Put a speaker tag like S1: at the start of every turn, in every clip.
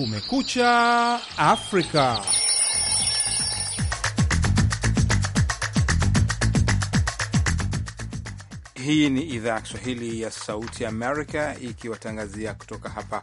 S1: Kumekucha Afrika. Hii ni idhaa ya Kiswahili ya Sauti Amerika ikiwatangazia kutoka hapa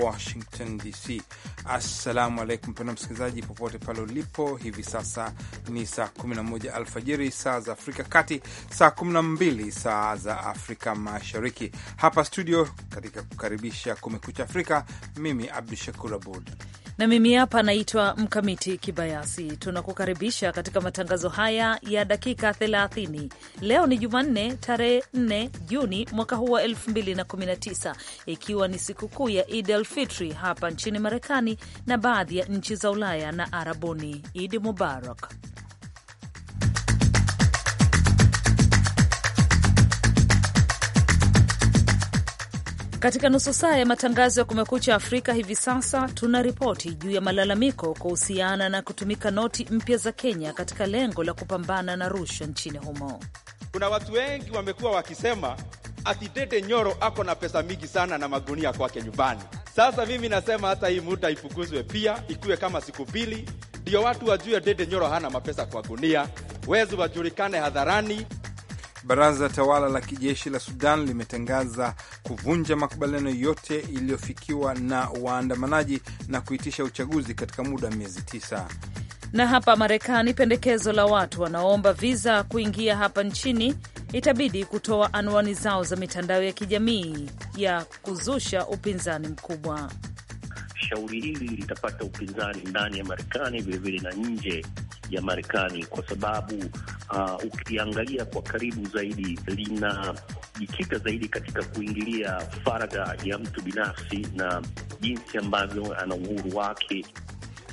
S1: Washington DC. Assalamu alaikum penda msikilizaji, popote pale ulipo hivi sasa. Ni saa 11 alfajiri saa za Afrika Kati, saa 12 saa za Afrika Mashariki. Hapa studio katika kukaribisha Kumekucha Afrika, mimi Abdu Shakur Abud
S2: na mimi hapa naitwa Mkamiti Kibayasi. Tunakukaribisha katika matangazo haya ya dakika 30. Leo ni Jumanne, tarehe 4 Juni mwaka huu wa 2019, ikiwa ni sikukuu ya Id el Fitri hapa nchini Marekani na baadhi ya nchi za Ulaya na Arabuni. Idi Mubarak. Katika nusu saa ya matangazo ya Kumekucha Afrika hivi sasa tuna ripoti juu ya malalamiko kuhusiana na kutumika noti mpya za Kenya katika lengo la kupambana na rushwa nchini humo.
S1: Kuna watu wengi wamekuwa wakisema ati Nyoro ako na pesa mingi sana na magunia kwake nyumbani. Sasa mimi nasema hata hii muda ifukuzwe pia, ikuwe kama siku mbili, ndio watu wajue dede Nyoro hana mapesa kwa gunia, wezi wajulikane hadharani. Baraza tawala la kijeshi la Sudan limetangaza kuvunja makubaliano yote iliyofikiwa na waandamanaji na kuitisha uchaguzi katika muda wa miezi tisa.
S2: Na hapa Marekani, pendekezo la watu wanaoomba viza kuingia hapa nchini itabidi kutoa anwani zao za mitandao ya kijamii ya kuzusha upinzani mkubwa
S3: shauri hili litapata upinzani ndani ya Marekani vilevile na nje ya Marekani kwa sababu uh, ukiangalia kwa karibu zaidi linajikita zaidi katika kuingilia faragha ya mtu binafsi na jinsi ambavyo ana uhuru wake.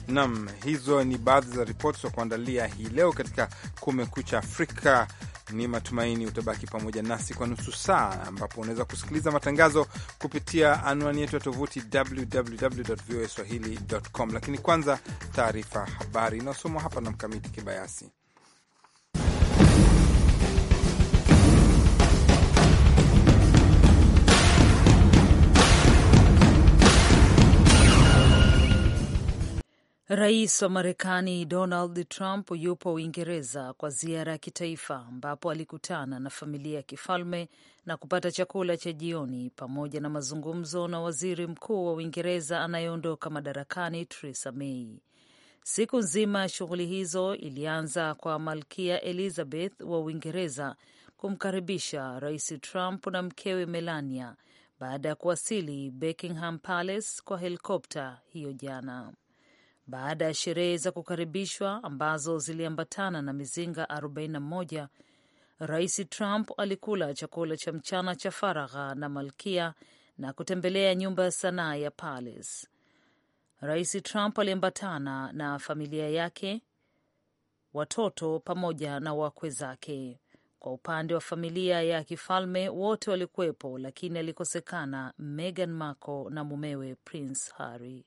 S1: Naam, hizo ni baadhi za ripoti za kuandalia hii leo katika Kumekucha Afrika ni matumaini utabaki pamoja nasi kwa nusu saa, ambapo unaweza kusikiliza matangazo kupitia anwani yetu ya tovuti www.voaswahili.com. Lakini kwanza taarifa habari inayosomwa hapa na Mkamiti Kibayasi.
S2: Rais wa Marekani Donald Trump yupo Uingereza kwa ziara ya kitaifa ambapo alikutana na familia ya kifalme na kupata chakula cha jioni pamoja na mazungumzo na waziri mkuu wa Uingereza anayeondoka madarakani Theresa May. Siku nzima ya shughuli hizo ilianza kwa Malkia Elizabeth wa Uingereza kumkaribisha Rais Trump na mkewe Melania baada ya kuwasili Buckingham Palace kwa helikopta hiyo jana baada ya sherehe za kukaribishwa ambazo ziliambatana na mizinga 41. Rais Trump alikula chakula cha mchana cha faragha na malkia na kutembelea nyumba ya sanaa ya Palace. Rais Trump aliambatana na familia yake, watoto pamoja na wakwe zake. Kwa upande wa familia ya kifalme wote walikuwepo, lakini alikosekana Meghan Markle na mumewe Prince Harry.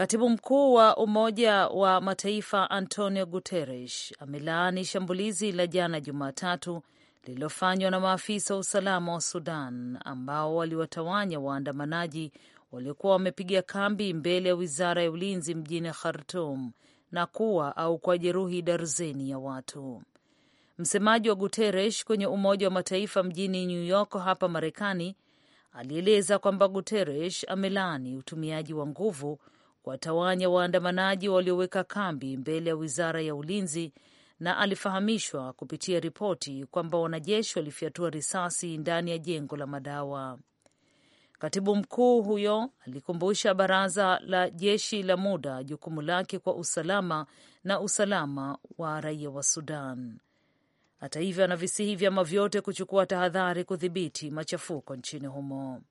S2: Katibu mkuu wa Umoja wa Mataifa Antonio Guterres amelaani shambulizi la jana Jumatatu lililofanywa na maafisa wa usalama wa Sudan ambao waliwatawanya waandamanaji waliokuwa wamepiga kambi mbele ya wizara ya ulinzi mjini Khartum na kuwa au kwa jeruhi darzeni ya watu. Msemaji wa Guterres kwenye Umoja wa Mataifa mjini New York hapa Marekani alieleza kwamba Guterres amelaani utumiaji wa nguvu kuwatawanya waandamanaji walioweka kambi mbele ya wizara ya ulinzi, na alifahamishwa kupitia ripoti kwamba wanajeshi walifyatua risasi ndani ya jengo la madawa. Katibu mkuu huyo alikumbusha baraza la jeshi la muda jukumu lake kwa usalama na usalama wa raia wa Sudan. Hata hivyo, anavisihi vyama vyote kuchukua tahadhari kudhibiti machafuko nchini humo.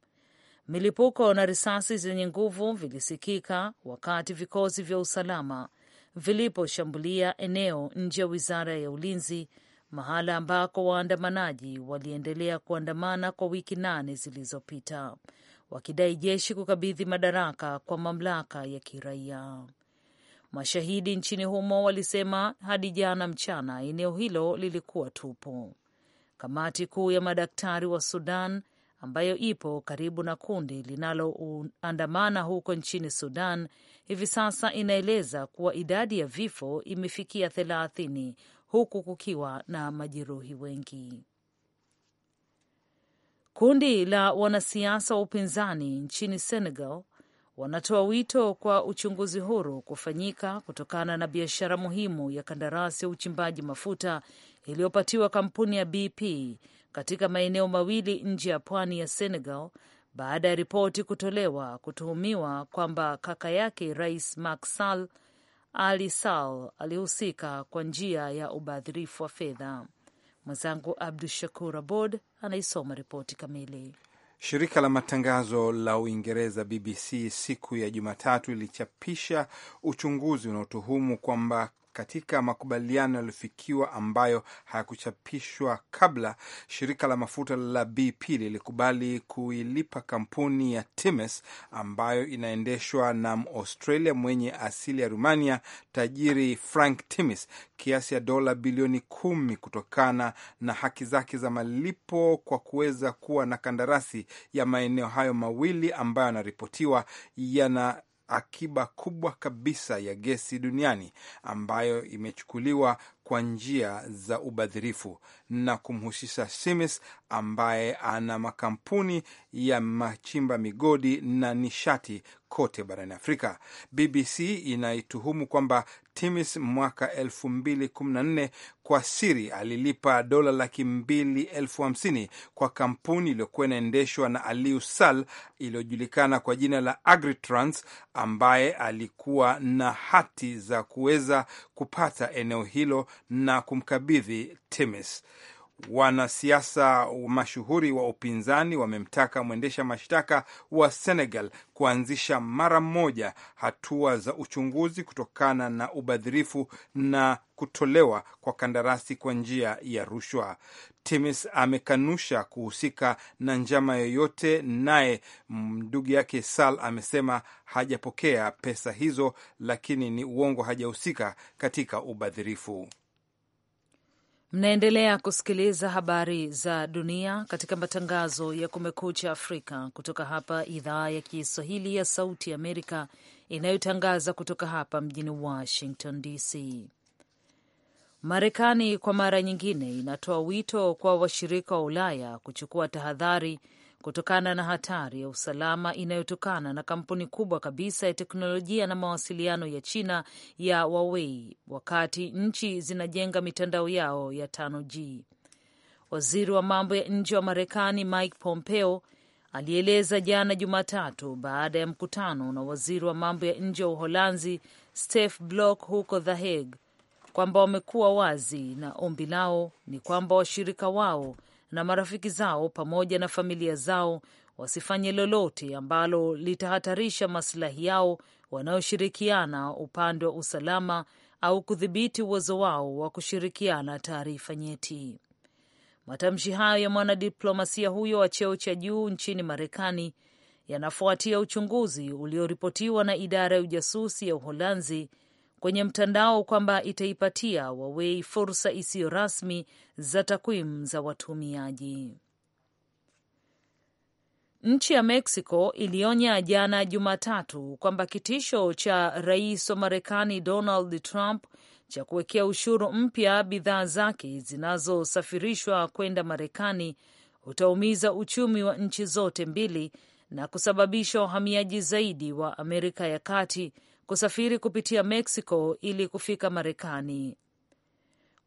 S2: Milipuko na risasi zenye nguvu vilisikika wakati vikosi vya usalama viliposhambulia eneo nje ya wizara ya ulinzi, mahala ambako waandamanaji waliendelea kuandamana kwa wiki nane zilizopita wakidai jeshi kukabidhi madaraka kwa mamlaka ya kiraia. Mashahidi nchini humo walisema hadi jana mchana eneo hilo lilikuwa tupu. Kamati kuu ya madaktari wa Sudan ambayo ipo karibu na kundi linaloandamana huko nchini Sudan hivi sasa inaeleza kuwa idadi ya vifo imefikia thelathini huku kukiwa na majeruhi wengi. Kundi la wanasiasa wa upinzani nchini Senegal wanatoa wito kwa uchunguzi huru kufanyika kutokana na biashara muhimu ya kandarasi ya uchimbaji mafuta iliyopatiwa kampuni ya BP katika maeneo mawili nje ya pwani ya Senegal baada ya ripoti kutolewa kutuhumiwa kwamba kaka yake Rais Macky Sall Ali Sall alihusika kwa njia ya ubadhirifu wa fedha. Mwenzangu Abdu Shakur Abod anaisoma ripoti kamili.
S1: Shirika la matangazo la Uingereza BBC siku ya Jumatatu lilichapisha uchunguzi unaotuhumu kwamba katika makubaliano yaliyofikiwa ambayo hayakuchapishwa kabla, shirika la mafuta la BP lilikubali kuilipa kampuni ya Times ambayo inaendeshwa na Australia mwenye asili ya Rumania, tajiri Frank Timis kiasi ya dola bilioni kumi kutokana na haki zake za malipo kwa kuweza kuwa na kandarasi ya maeneo hayo mawili ambayo yanaripotiwa yana akiba kubwa kabisa ya gesi duniani ambayo imechukuliwa kwa njia za ubadhirifu na kumhusisha Simis ambaye ana makampuni ya machimba migodi na nishati kote barani Afrika. BBC inaituhumu kwamba Timis mwaka 214 kwa siri alilipa dola laki mbili elfu hamsini kwa kampuni iliyokuwa inaendeshwa na Aliu Sal iliyojulikana kwa jina la Agritrans ambaye alikuwa na hati za kuweza kupata eneo hilo na kumkabidhi Timis. Wanasiasa mashuhuri wa upinzani wamemtaka mwendesha mashtaka wa Senegal kuanzisha mara moja hatua za uchunguzi kutokana na ubadhirifu na kutolewa kwa kandarasi kwa njia ya rushwa. Timis amekanusha kuhusika na njama yoyote, naye ndugu yake sal amesema hajapokea pesa hizo, lakini ni uongo, hajahusika katika ubadhirifu.
S2: Mnaendelea kusikiliza habari za dunia katika matangazo ya Kumekucha Afrika kutoka hapa idhaa ya Kiswahili ya Sauti Amerika inayotangaza kutoka hapa mjini Washington DC. Marekani kwa mara nyingine inatoa wito kwa washirika wa Ulaya kuchukua tahadhari kutokana na hatari ya usalama inayotokana na kampuni kubwa kabisa ya teknolojia na mawasiliano ya China ya Huawei wakati nchi zinajenga mitandao yao ya 5G. Waziri wa mambo ya nje wa Marekani Mike Pompeo alieleza jana Jumatatu baada ya mkutano na waziri wa mambo ya nje wa Uholanzi Stef Blok huko The Hague kwamba wamekuwa wazi na ombi lao ni kwamba washirika wao na marafiki zao pamoja na familia zao wasifanye lolote ambalo litahatarisha masilahi yao wanaoshirikiana upande wa usalama au kudhibiti uwezo wao wa kushirikiana taarifa nyeti. Matamshi hayo ya mwanadiplomasia huyo wa cheo cha juu nchini Marekani yanafuatia uchunguzi ulioripotiwa na idara ya ujasusi ya Uholanzi kwenye mtandao kwamba itaipatia Huawei fursa isiyo rasmi za takwimu za watumiaji. Nchi ya Mexico ilionya jana Jumatatu kwamba kitisho cha rais wa Marekani Donald Trump cha kuwekea ushuru mpya bidhaa zake zinazosafirishwa kwenda Marekani utaumiza uchumi wa nchi zote mbili na kusababisha uhamiaji zaidi wa Amerika ya Kati kusafiri kupitia Mexico ili kufika Marekani.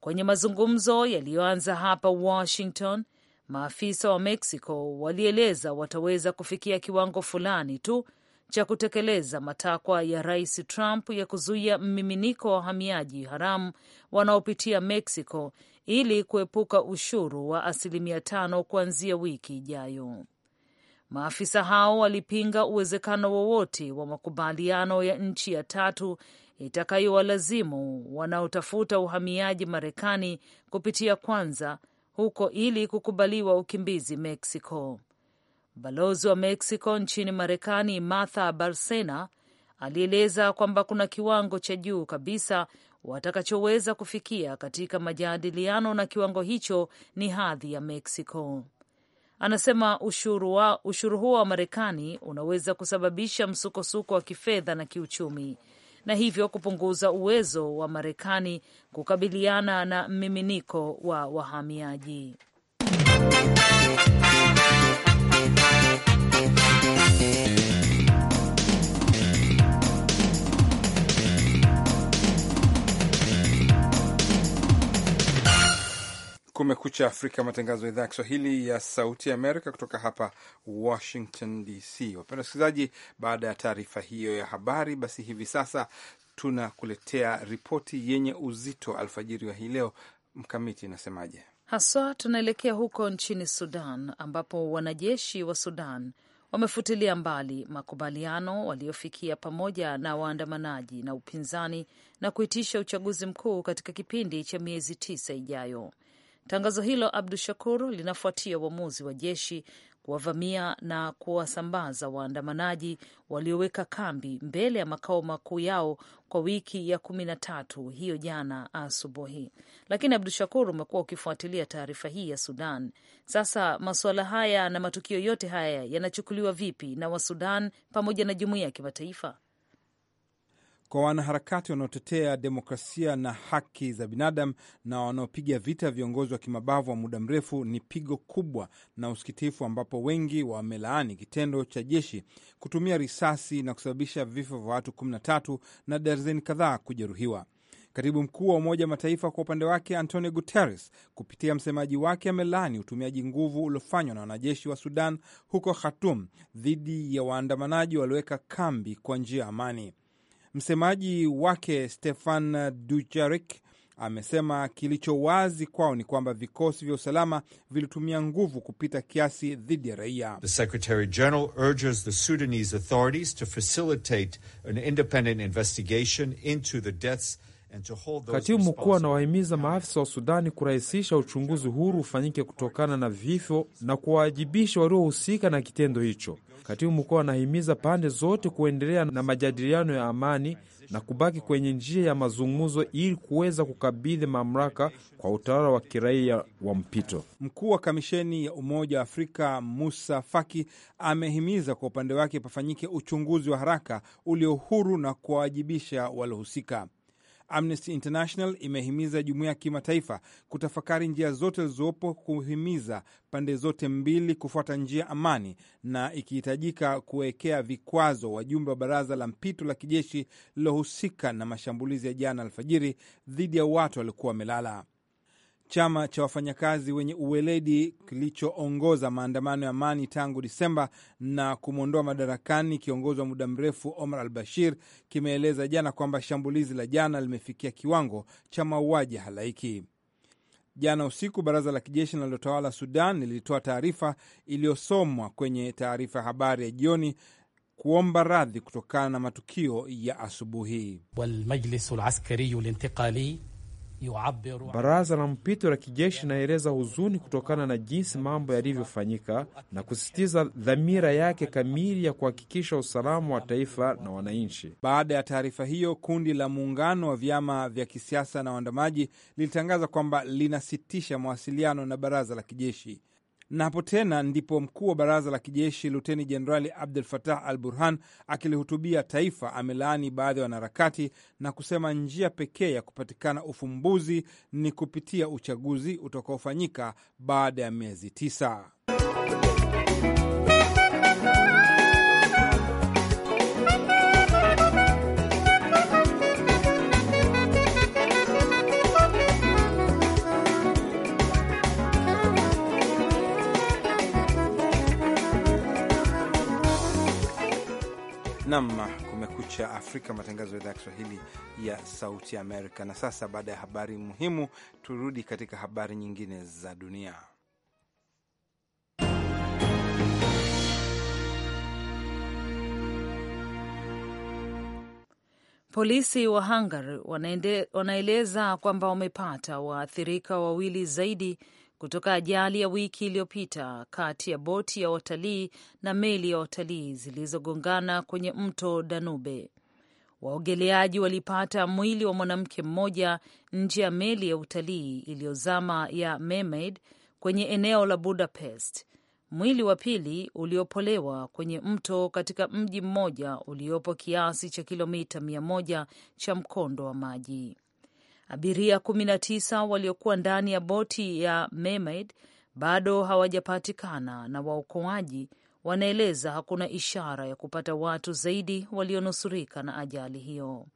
S2: Kwenye mazungumzo yaliyoanza hapa Washington, maafisa wa Mexico walieleza wataweza kufikia kiwango fulani tu cha kutekeleza matakwa ya Rais Trump ya kuzuia mmiminiko wa wahamiaji haramu wanaopitia Mexico ili kuepuka ushuru wa asilimia tano kuanzia wiki ijayo. Maafisa hao walipinga uwezekano wowote wa makubaliano ya nchi ya tatu itakayowalazimu wanaotafuta uhamiaji Marekani kupitia kwanza huko ili kukubaliwa ukimbizi Mexico. Balozi wa Mexico nchini Marekani Martha barsena alieleza kwamba kuna kiwango cha juu kabisa watakachoweza kufikia katika majadiliano na kiwango hicho ni hadhi ya Mexico. Anasema ushuru, wa, ushuru huo wa Marekani unaweza kusababisha msukosuko wa kifedha na kiuchumi na hivyo kupunguza uwezo wa Marekani kukabiliana na mmiminiko wa wahamiaji.
S1: Kumekucha Afrika, matangazo ya idhaa ya Kiswahili ya Sauti ya Amerika kutoka hapa Washington DC. Wapenda wasikilizaji, baada ya taarifa hiyo ya habari, basi hivi sasa tunakuletea ripoti yenye uzito alfajiri wa hii leo. Mkamiti inasemaje?
S2: Haswa tunaelekea huko nchini Sudan ambapo wanajeshi wa Sudan wamefutilia mbali makubaliano waliofikia pamoja na waandamanaji na upinzani na kuitisha uchaguzi mkuu katika kipindi cha miezi tisa ijayo. Tangazo hilo Abdu Shakur linafuatia uamuzi wa jeshi kuwavamia na kuwasambaza waandamanaji walioweka kambi mbele ya makao makuu yao kwa wiki ya kumi na tatu hiyo jana asubuhi. Lakini Abdu Shakur, umekuwa ukifuatilia taarifa hii ya Sudan. Sasa masuala haya na matukio yote haya yanachukuliwa vipi na Wasudan pamoja na jumuiya ya kimataifa?
S1: kwa wanaharakati wanaotetea demokrasia na haki za binadamu na wanaopiga vita viongozi wa kimabavu wa muda mrefu ni pigo kubwa na usikitifu, ambapo wengi wamelaani kitendo cha jeshi kutumia risasi na kusababisha vifo vya watu 13 na darzeni kadhaa kujeruhiwa. Katibu mkuu wa Umoja Mataifa kwa upande wake Antonio Guterres kupitia msemaji wake amelaani utumiaji nguvu uliofanywa na wanajeshi wa Sudan huko Khartoum dhidi ya waandamanaji walioweka kambi kwa njia ya amani. Msemaji wake Stefan Dujarik amesema kilicho wazi kwao ni kwamba vikosi vya usalama vilitumia nguvu kupita kiasi dhidi ya raia. The Secretary General urges the Sudanese authorities to facilitate an independent investigation into the deaths Katibu mkuu anawahimiza maafisa wa Sudani kurahisisha uchunguzi huru ufanyike kutokana na vifo na kuwawajibisha waliohusika na kitendo hicho. Katibu mkuu anahimiza pande zote kuendelea na majadiliano ya amani na kubaki kwenye njia ya mazungumzo ili kuweza kukabidhi mamlaka kwa utawala wa kiraia wa mpito. Mkuu wa kamisheni ya Umoja wa Afrika Musa Faki amehimiza kwa upande wake pafanyike uchunguzi wa haraka ulio huru na kuwawajibisha waliohusika. Amnesty International imehimiza jumuiya ya kimataifa kutafakari njia zote zilizopo kuhimiza pande zote mbili kufuata njia amani, na ikihitajika kuwekea vikwazo wajumbe wa baraza la mpito la kijeshi lililohusika na mashambulizi ya jana alfajiri dhidi ya watu waliokuwa wamelala. Chama cha wafanyakazi wenye uweledi kilichoongoza maandamano ya amani tangu Disemba na kumwondoa madarakani kiongozi wa muda mrefu Omar al Bashir kimeeleza jana kwamba shambulizi la jana limefikia kiwango cha mauaji halaiki. Jana usiku baraza la kijeshi linalotawala Sudan lilitoa taarifa iliyosomwa kwenye taarifa ya habari ya jioni kuomba radhi kutokana na matukio ya asubuhi. Baraza la mpito la kijeshi inaeleza huzuni kutokana na jinsi mambo yalivyofanyika na kusisitiza dhamira yake kamili ya kuhakikisha usalama wa taifa na wananchi. Baada ya taarifa hiyo, kundi la muungano wa vyama vya kisiasa na waandamaji lilitangaza kwamba linasitisha mawasiliano na baraza la kijeshi na hapo tena ndipo mkuu wa baraza la kijeshi Luteni Jenerali Abdul Fatah al Burhan akilihutubia taifa amelaani baadhi ya wanaharakati na kusema njia pekee ya kupatikana ufumbuzi ni kupitia uchaguzi utakaofanyika baada ya miezi tisa. Nam Kumekucha Afrika, matangazo ya idhaa ya Kiswahili ya Sauti Amerika. Na sasa baada ya habari muhimu, turudi katika habari nyingine za dunia.
S2: Polisi wa Hungary wanaeleza kwamba wamepata waathirika wawili zaidi kutoka ajali ya wiki iliyopita kati ya boti ya watalii na meli ya watalii zilizogongana kwenye mto Danube. Waogeleaji walipata mwili wa mwanamke mmoja nje ya meli ya utalii iliyozama ya Mermaid kwenye eneo la Budapest. Mwili wa pili uliopolewa kwenye mto katika mji mmoja uliopo kiasi cha kilomita mia moja cha mkondo wa maji. Abiria 19 waliokuwa ndani ya boti ya Mermaid bado hawajapatikana na waokoaji wanaeleza hakuna ishara ya kupata watu zaidi walionusurika na ajali hiyo.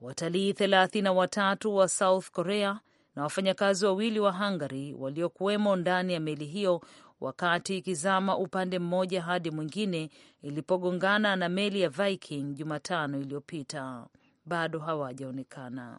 S2: Watalii thelathini na watatu wa South Korea na wafanyakazi wawili wa Hungary waliokuwemo ndani ya meli hiyo wakati ikizama upande mmoja hadi mwingine ilipogongana na meli ya Viking Jumatano iliyopita bado hawajaonekana.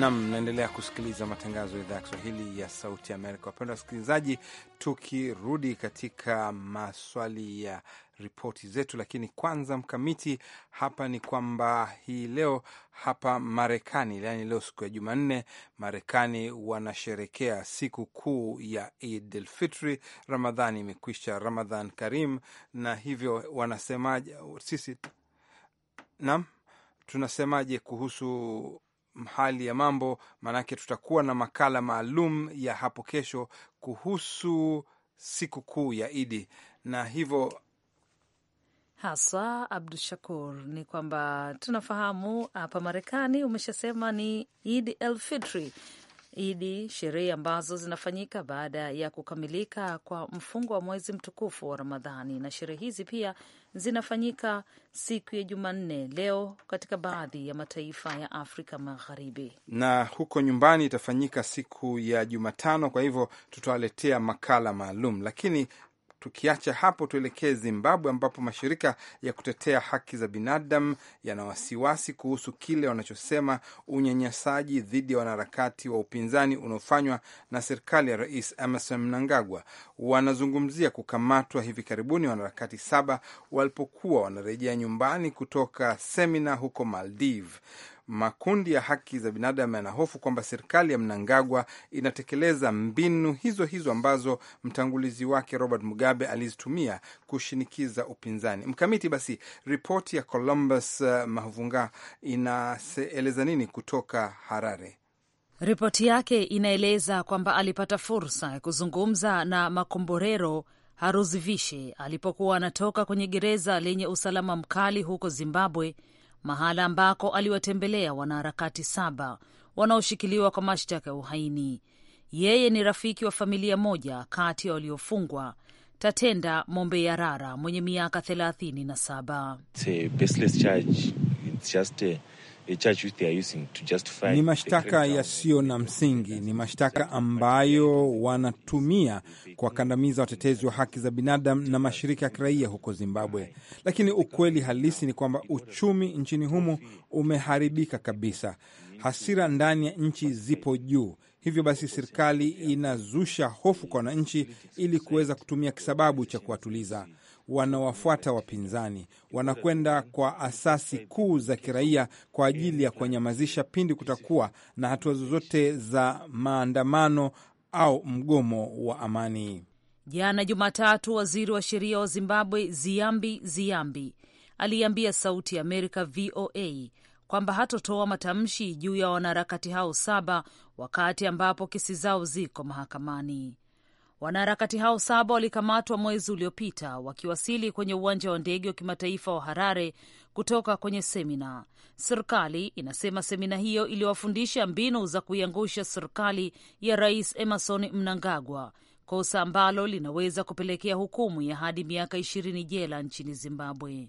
S1: Nam, naendelea kusikiliza matangazo ya idhaa ya Kiswahili ya Sauti Amerika. Wapendwa wasikilizaji, tukirudi katika maswali ya ripoti zetu, lakini kwanza mkamiti hapa ni kwamba hii leo hapa Marekani, yaani leo siku ya Jumanne, Marekani wanasherekea siku kuu ya Eid ramadhan fitri Ramadhani imekwisha, Ramadhan Karim, na hivyo wanasemaje? Sisi nam tunasemaje kuhusu hali ya mambo, maanake tutakuwa na makala maalum ya hapo kesho kuhusu sikukuu ya Idi na hivyo
S2: haswa Abdu Shakur, ni kwamba tunafahamu hapa Marekani umeshasema ni Idi el Fitri, Idi, sherehe ambazo zinafanyika baada ya kukamilika kwa mfungo wa mwezi mtukufu wa Ramadhani. Na sherehe hizi pia zinafanyika siku ya Jumanne leo katika baadhi ya mataifa ya Afrika Magharibi,
S1: na huko nyumbani itafanyika siku ya Jumatano. Kwa hivyo tutawaletea makala maalum, lakini Tukiacha hapo, tuelekee Zimbabwe ambapo mashirika ya kutetea haki za binadamu yana wasiwasi kuhusu kile wanachosema unyanyasaji dhidi ya wanaharakati wa upinzani unaofanywa na serikali ya Rais Emerson Mnangagwa. Wanazungumzia kukamatwa hivi karibuni wanaharakati saba walipokuwa wanarejea nyumbani kutoka semina huko Maldive. Makundi ya haki za binadamu yanahofu kwamba serikali ya Mnangagwa inatekeleza mbinu hizo hizo ambazo mtangulizi wake Robert Mugabe alizitumia kushinikiza upinzani. Mkamiti, basi ripoti ya Columbus uh, Mavunga inaeleza nini kutoka Harare?
S2: Ripoti yake inaeleza kwamba alipata fursa ya kuzungumza na Makomborero Haruzivishe alipokuwa anatoka kwenye gereza lenye usalama mkali huko Zimbabwe mahala ambako aliwatembelea wanaharakati saba wanaoshikiliwa kwa mashtaka ya uhaini. Yeye ni rafiki wa familia moja kati ya waliofungwa Tatenda Mombe Yarara mwenye miaka thelathini na saba.
S4: Ni mashtaka yasiyo na
S1: msingi, ni mashtaka ambayo wanatumia kuwakandamiza watetezi wa haki za binadamu na mashirika ya kiraia huko Zimbabwe. Lakini ukweli halisi ni kwamba uchumi nchini humo umeharibika kabisa. Hasira ndani ya nchi zipo juu. Hivyo basi, serikali inazusha hofu kwa wananchi ili kuweza kutumia kisababu cha kuwatuliza wanawafuata wapinzani, wanakwenda kwa asasi kuu za kiraia kwa ajili ya kuwanyamazisha pindi kutakuwa na hatua zozote za maandamano au mgomo wa amani.
S2: Jana Jumatatu, waziri wa sheria wa Zimbabwe Ziambi Ziambi aliambia Sauti ya Amerika VOA kwamba hatotoa matamshi juu ya wanaharakati hao saba wakati ambapo kesi zao ziko mahakamani. Wanaharakati hao saba walikamatwa mwezi uliopita wakiwasili kwenye uwanja wa ndege wa kimataifa wa Harare kutoka kwenye semina. Serikali inasema semina hiyo iliwafundisha mbinu za kuiangusha serikali ya Rais Emerson Mnangagwa, kosa ambalo linaweza kupelekea hukumu ya hadi miaka ishirini jela nchini Zimbabwe.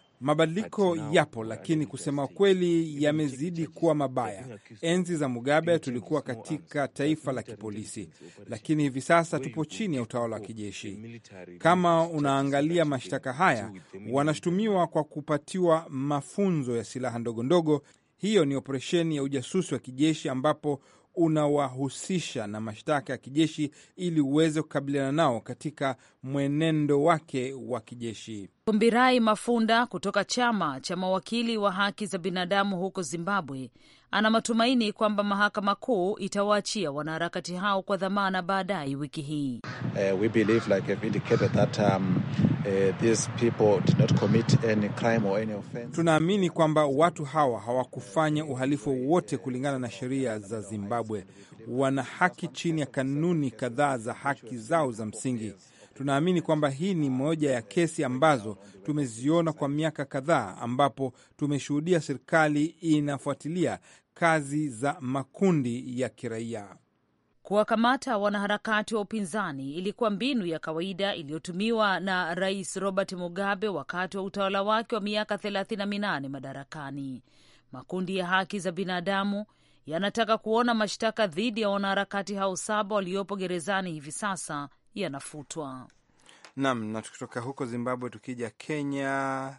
S1: Mabadiliko yapo, lakini kusema kweli yamezidi kuwa mabaya. Enzi za Mugabe tulikuwa katika taifa la kipolisi, lakini hivi sasa tupo chini ya utawala wa kijeshi. Kama unaangalia mashtaka haya, wanashutumiwa kwa kupatiwa mafunzo ya silaha ndogo ndogo. Hiyo ni operesheni ya ujasusi wa kijeshi ambapo unawahusisha na mashtaka ya kijeshi ili uweze kukabiliana nao katika mwenendo wake wa kijeshi.
S2: Mbirai Mafunda kutoka chama cha mawakili wa haki za binadamu huko Zimbabwe ana matumaini kwamba mahakama kuu itawaachia wanaharakati hao kwa dhamana baadaye wiki hii.
S4: Uh, we believe, like I've indicated that, um, uh, these people did not commit any crime or any
S1: offense. Tunaamini kwamba watu hawa hawakufanya uhalifu wowote kulingana na sheria za Zimbabwe. Wana haki chini ya kanuni kadhaa za haki zao za msingi. Tunaamini kwamba hii ni moja ya kesi ambazo tumeziona kwa miaka kadhaa, ambapo tumeshuhudia serikali inafuatilia kazi za makundi ya kiraia.
S2: Kuwakamata wanaharakati wa upinzani ilikuwa mbinu ya kawaida iliyotumiwa na Rais Robert Mugabe wakati wa utawala wake wa miaka 38 madarakani. Makundi ya haki za binadamu yanataka kuona mashtaka dhidi ya wanaharakati hao saba waliopo gerezani hivi sasa yanafutwa.
S1: Nam, na tukitoka huko Zimbabwe tukija Kenya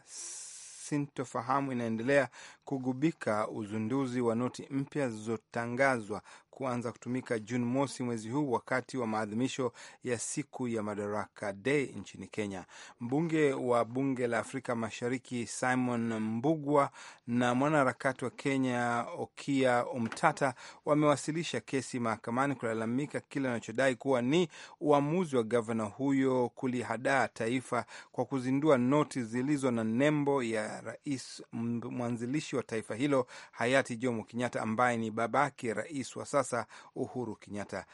S1: sintofahamu inaendelea kugubika uzinduzi wa noti mpya zilizotangazwa kuanza kutumika Juni mosi mwezi huu wakati wa maadhimisho ya siku ya Madaraka Day nchini Kenya. Mbunge wa bunge la Afrika Mashariki Simon mbugwa na mwanaharakati wa Kenya Okia umtata wamewasilisha kesi mahakamani kulalamika kile anachodai kuwa ni uamuzi wa gavana huyo kulihadaa taifa kwa kuzindua noti zilizo na nembo ya rais mwanzilishi wa taifa hilo hayati Jomo Kenyatta ambaye ni babake rais wa sasa sasa Uhuru Kenyatta.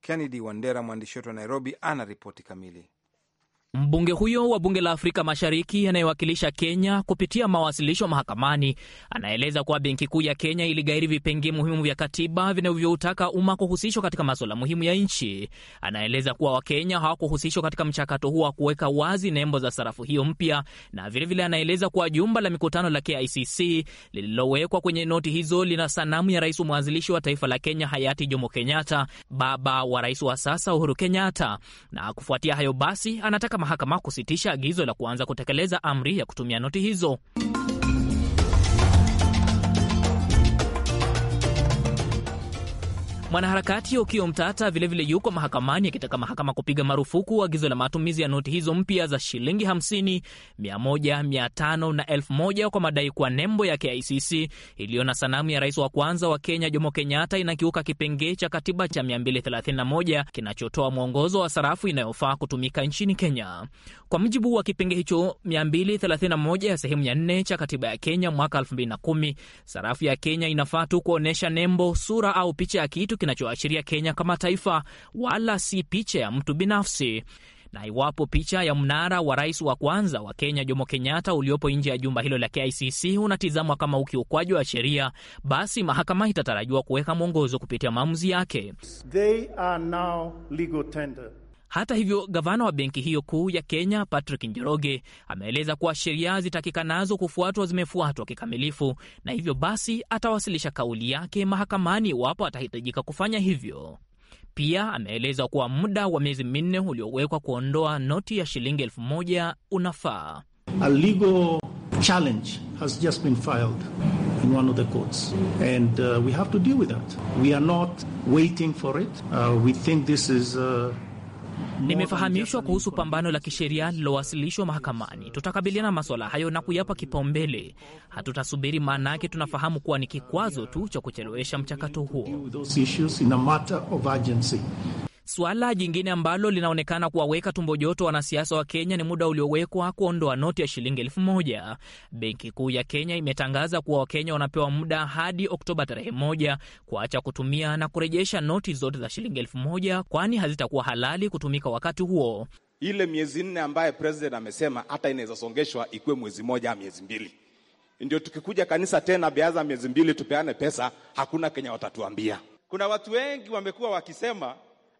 S1: Kennedy Wandera, mwandishi wetu wa Nairobi, ana ripoti kamili.
S5: Mbunge huyo wa bunge la Afrika Mashariki anayewakilisha Kenya kupitia mawasilisho mahakamani, anaeleza kuwa benki kuu ya Kenya iligairi vipengee muhimu vya katiba vinavyoutaka umma kuhusishwa katika masuala muhimu ya nchi. Anaeleza kuwa Wakenya hawakuhusishwa katika mchakato huo wa kuweka wazi nembo za sarafu hiyo mpya, na vilevile vile anaeleza kuwa jumba la mikutano la KICC lililowekwa kwenye noti hizo lina sanamu ya rais mwanzilishi wa taifa la Kenya hayati Jomo Kenyatta, baba wa rais wa sasa Uhuru Kenyatta, na kufuatia hayo basi anataka mahakama kusitisha agizo la kuanza kutekeleza amri ya kutumia noti hizo. Mwanaharakati Ukio Mtata vilevile yuko mahakamani akitaka mahakama kupiga marufuku agizo la matumizi ya noti hizo mpya za shilingi 50, 100, 500 na 1000 kwa madai kuwa nembo ya KICC iliyo na sanamu ya rais wa kwanza wa Kenya Jomo Kenyatta inakiuka kipengee cha katiba cha 231 kinachotoa mwongozo wa sarafu inayofaa kutumika nchini Kenya. Kwa mujibu wa kipenge hicho 231 ya sehemu ya 4 cha katiba ya Kenya mwaka 2010, sarafu ya Kenya inafaa tu kuonyesha nembo, sura au picha ya kitu kinachoashiria Kenya kama taifa, wala si picha ya mtu binafsi na iwapo picha ya mnara wa rais wa kwanza wa Kenya Jomo Kenyatta uliopo nje ya jumba hilo la KICC unatizamwa kama ukiukwaji wa sheria, basi mahakama itatarajiwa kuweka mwongozo kupitia maamuzi yake.
S4: They are now legal tender.
S5: Hata hivyo, gavana wa benki hiyo kuu ya Kenya Patrick Njoroge ameeleza kuwa sheria zitakikanazo kufuatwa zimefuatwa kikamilifu, na hivyo basi atawasilisha kauli yake mahakamani iwapo atahitajika kufanya hivyo. Pia ameeleza kuwa muda wa miezi minne uliowekwa kuondoa noti ya shilingi elfu moja unafaa.
S3: A legal challenge has just been filed in one of the courts and uh, we have to deal with that. We are not waiting for it. Uh, we think this is uh...
S5: Nimefahamishwa kuhusu pambano la kisheria lilowasilishwa mahakamani. Tutakabiliana maswala hayo na kuyapa kipaumbele. Hatutasubiri, maana yake tunafahamu kuwa ni kikwazo tu cha kuchelewesha
S3: mchakato huo.
S5: Suala jingine ambalo linaonekana kuwaweka tumbo joto wanasiasa wa Kenya ni muda uliowekwa kuondoa noti ya shilingi elfu moja. Benki Kuu ya Kenya imetangaza kuwa Wakenya wanapewa muda hadi Oktoba tarehe moja kuacha kutumia na kurejesha noti zote za shilingi elfu moja kwani hazitakuwa halali kutumika wakati huo.
S4: Ile miezi nne ambaye president amesema hata inaweza songeshwa ikuwe mwezi moja au miezi mbili, ndio tukikuja kanisa tena beaza miezi mbili tupeane pesa, hakuna Kenya watatuambia.
S1: Kuna watu wengi wamekuwa wakisema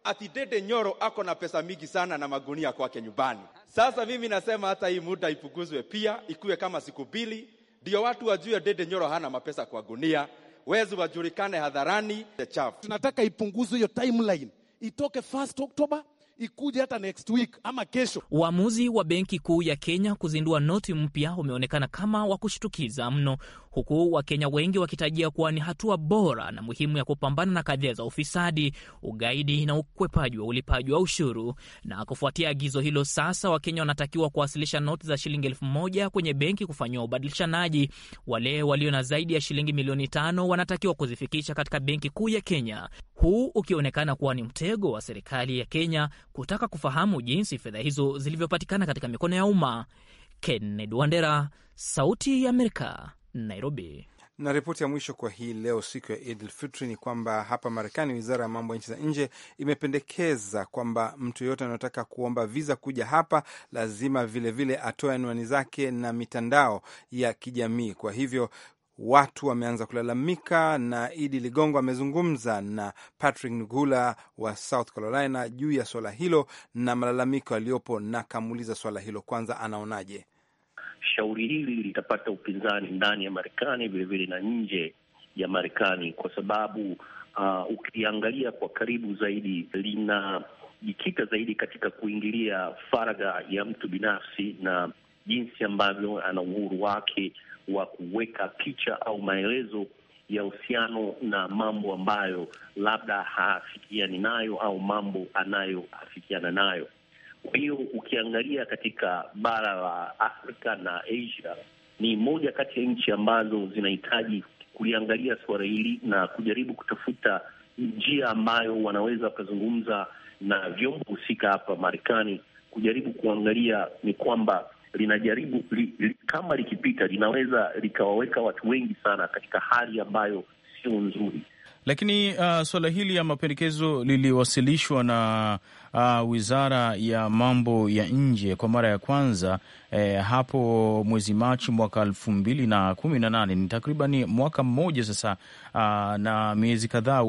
S1: ati Dede Nyoro ako na pesa mingi sana na magunia kwake nyumbani. Sasa mimi nasema hata hii muda ipunguzwe pia, ikuwe kama siku mbili, ndio watu wajue Dede Nyoro hana mapesa kwa gunia, wezi wajulikane
S4: hadharani the chafu. Tunataka ipunguzwe hiyo timeline, itoke 1 October ikuje
S5: hata next week ama kesho. Uamuzi wa Benki Kuu ya Kenya kuzindua noti mpya umeonekana kama wa kushtukiza mno, huku Wakenya wengi wakitajia kuwa ni hatua bora na muhimu ya kupambana na kadhia za ufisadi, ugaidi na ukwepaji wa ulipaji wa ushuru. Na kufuatia agizo hilo, sasa Wakenya wanatakiwa kuwasilisha noti za shilingi elfu moja kwenye benki kufanyiwa ubadilishanaji. Wale walio na zaidi ya shilingi milioni tano wanatakiwa kuzifikisha katika Benki Kuu ya Kenya, huu ukionekana kuwa ni mtego wa serikali ya Kenya kutaka kufahamu jinsi fedha hizo zilivyopatikana katika mikono ya umma. Kennedy Wandera, Sauti ya Amerika, Nairobi.
S1: Na ripoti ya mwisho kwa hii leo, siku ya Idil Fitri, ni kwamba hapa Marekani, wizara ya mambo ya nchi za nje imependekeza kwamba mtu yeyote anayotaka kuomba viza kuja hapa lazima vilevile atoe anwani zake na mitandao ya kijamii. Kwa hivyo watu wameanza kulalamika, na Idi Ligongo amezungumza na Patrick Ngula wa South Carolina juu ya swala hilo na malalamiko yaliyopo, na kamuuliza swala hilo kwanza anaonaje.
S3: Shauri hili litapata upinzani ndani ya Marekani vilevile na nje ya Marekani kwa sababu uh, ukiangalia kwa karibu zaidi linajikita zaidi katika kuingilia faragha ya mtu binafsi na jinsi ambavyo ana uhuru wake wa kuweka picha au maelezo ya uhusiano na mambo ambayo labda haafikiani nayo au mambo anayoafikiana nayo. Kwa hiyo ukiangalia katika bara la Afrika na Asia, ni moja kati ya nchi ambazo zinahitaji kuliangalia suala hili na kujaribu kutafuta njia ambayo wanaweza wakazungumza na vyombo husika hapa Marekani, kujaribu kuangalia ni kwamba linajaribu li, li, kama likipita linaweza likawaweka watu wengi sana katika hali ambayo sio nzuri.
S4: Lakini uh, suala hili ya mapendekezo liliwasilishwa na uh, Wizara ya Mambo ya Nje kwa mara ya kwanza eh, hapo mwezi Machi mwaka elfu mbili na kumi na nane. Ni takriban mwaka mmoja sasa, uh, na miezi kadhaa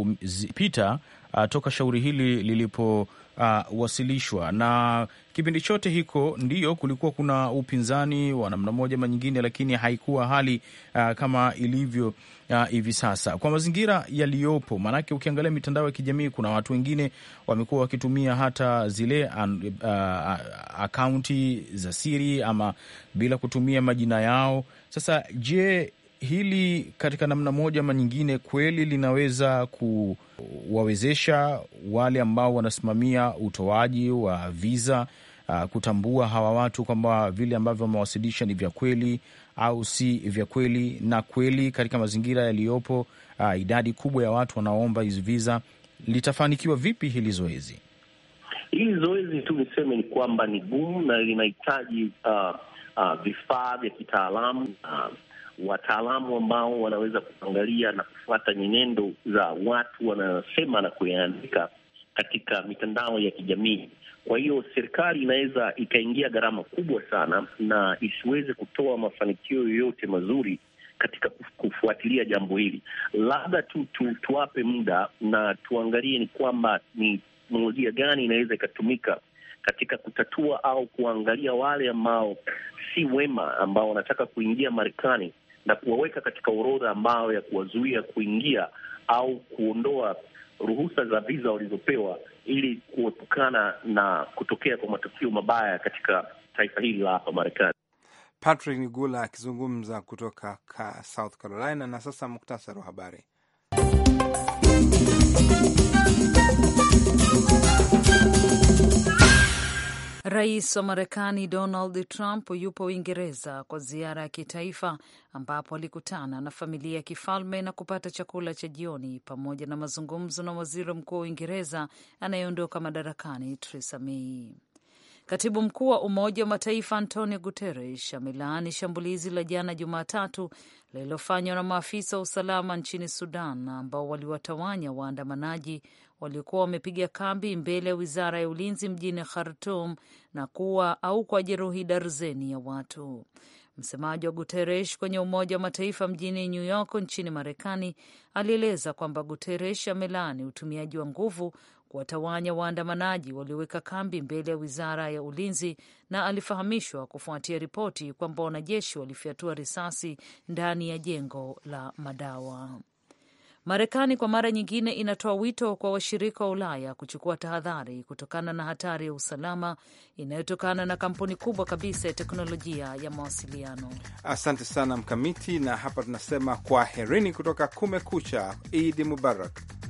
S4: pita uh, toka shauri hili lilipo uh, wasilishwa na kipindi chote hiko ndiyo kulikuwa kuna upinzani wa namna moja ama nyingine, lakini haikuwa hali uh, kama ilivyo uh, hivi uh, sasa kwa mazingira yaliyopo. Maanake ukiangalia mitandao ya kijamii, kuna watu wengine wamekuwa wakitumia hata zile uh, uh akaunti za siri ama bila kutumia majina yao. Sasa je, hili katika namna moja ama nyingine kweli linaweza kuwawezesha wale ambao wanasimamia utoaji wa viza uh, ah, kutambua hawa watu kwamba vile ambavyo wamewasilisha ni vya kweli au si vya kweli, na kweli katika mazingira yaliyopo, uh, idadi kubwa ya watu wanaoomba hizi viza, litafanikiwa vipi hili zoezi?
S3: Hili zoezi tu niseme ni kwamba ni gumu na linahitaji uh, uh, vifaa vya kitaalamu uh, wataalamu ambao wanaweza kuangalia na kufuata nyenendo za watu wanasema na kuyaandika katika mitandao ya kijamii. Kwa hiyo serikali inaweza ikaingia gharama kubwa sana na isiweze kutoa mafanikio yoyote mazuri katika kufuatilia jambo hili. Labda tu, tu tuwape muda na tuangalie ni kwamba ni teknolojia gani inaweza ikatumika katika kutatua au kuangalia wale ambao si wema ambao wanataka kuingia Marekani na kuwaweka katika orodha ambayo ya kuwazuia kuingia au kuondoa ruhusa za viza walizopewa ili kuepukana na kutokea kwa matukio mabaya katika taifa hili la hapa Marekani.
S1: Patrick Nigula akizungumza kutoka South Carolina. Na sasa muktasari wa habari
S2: Rais wa Marekani Donald Trump yupo Uingereza kwa ziara ya kitaifa ambapo alikutana na familia ya kifalme na kupata chakula cha jioni pamoja na mazungumzo na waziri mkuu wa Uingereza anayeondoka madarakani Theresa May. Katibu mkuu wa Umoja wa Mataifa Antonio Guterres amelaani shambulizi la jana Jumatatu lililofanywa na maafisa wa usalama nchini Sudan ambao waliwatawanya waandamanaji waliokuwa wamepiga kambi mbele ya wizara ya ulinzi mjini Khartum na kuwa au kwa jeruhi darzeni ya watu. Msemaji wa guteresh kwenye Umoja wa Mataifa mjini New York nchini Marekani alieleza kwamba Guteresh amelaani utumiaji wa nguvu kuwatawanya waandamanaji walioweka kambi mbele ya wizara ya ulinzi, na alifahamishwa kufuatia ripoti kwamba wanajeshi walifyatua risasi ndani ya jengo la madawa. Marekani kwa mara nyingine inatoa wito kwa washirika wa Ulaya kuchukua tahadhari kutokana na hatari ya usalama inayotokana na kampuni kubwa kabisa ya teknolojia ya mawasiliano.
S1: Asante sana Mkamiti, na hapa tunasema kwaherini kutoka Kumekucha. Idi Mubarak.